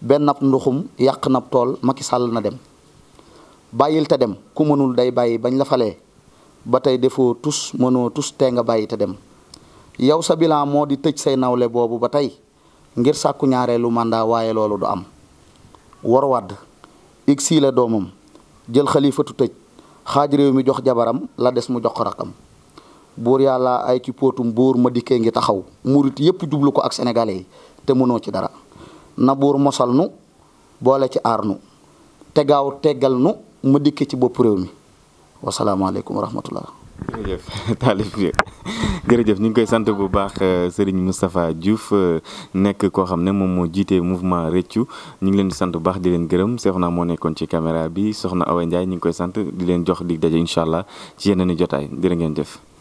benn ab nduxum yàq nab tool Macky Sall na dem bàyyil te dem ku mënul day bàyyi bañ la falee ba tey defoo tus mënoo tus tee nga bàyyi te dem yow sa bilan moo di tëj say nawle boobu ba tey ngir sàkku ñaareelu màndaa waaye loolu du am war wàdd ig la doomam jël xalifatu tëj xaaj réew mi jox jabaram la des mu jox ko rakam buur yàlla ay ci póotum buur ma dikkee ngi taxaw murit yépp jublu ko ak sénégalais yi te mënoo ci dara na buur mosal nu boole ci aar nu te gaaw teggal nu mu dikk ci bopp réew mi wasalaamaaleykum wa rahmatullah jërëjëf Taalib jërëjëf ñu ngi koy sant bu baax euh, Serigne Moustapha Diouf euh, nekk koo xam ne moom moo jiite mouvement Rëccu ñu ngi leen di sant bu baax di leen gërëm Seexna moo nekkoon ci caméra bi soxna awe Ndiaye ñu ngi koy sant di leen jox di daje incha allah ci yeneen jotaay jërë ngeen jëf.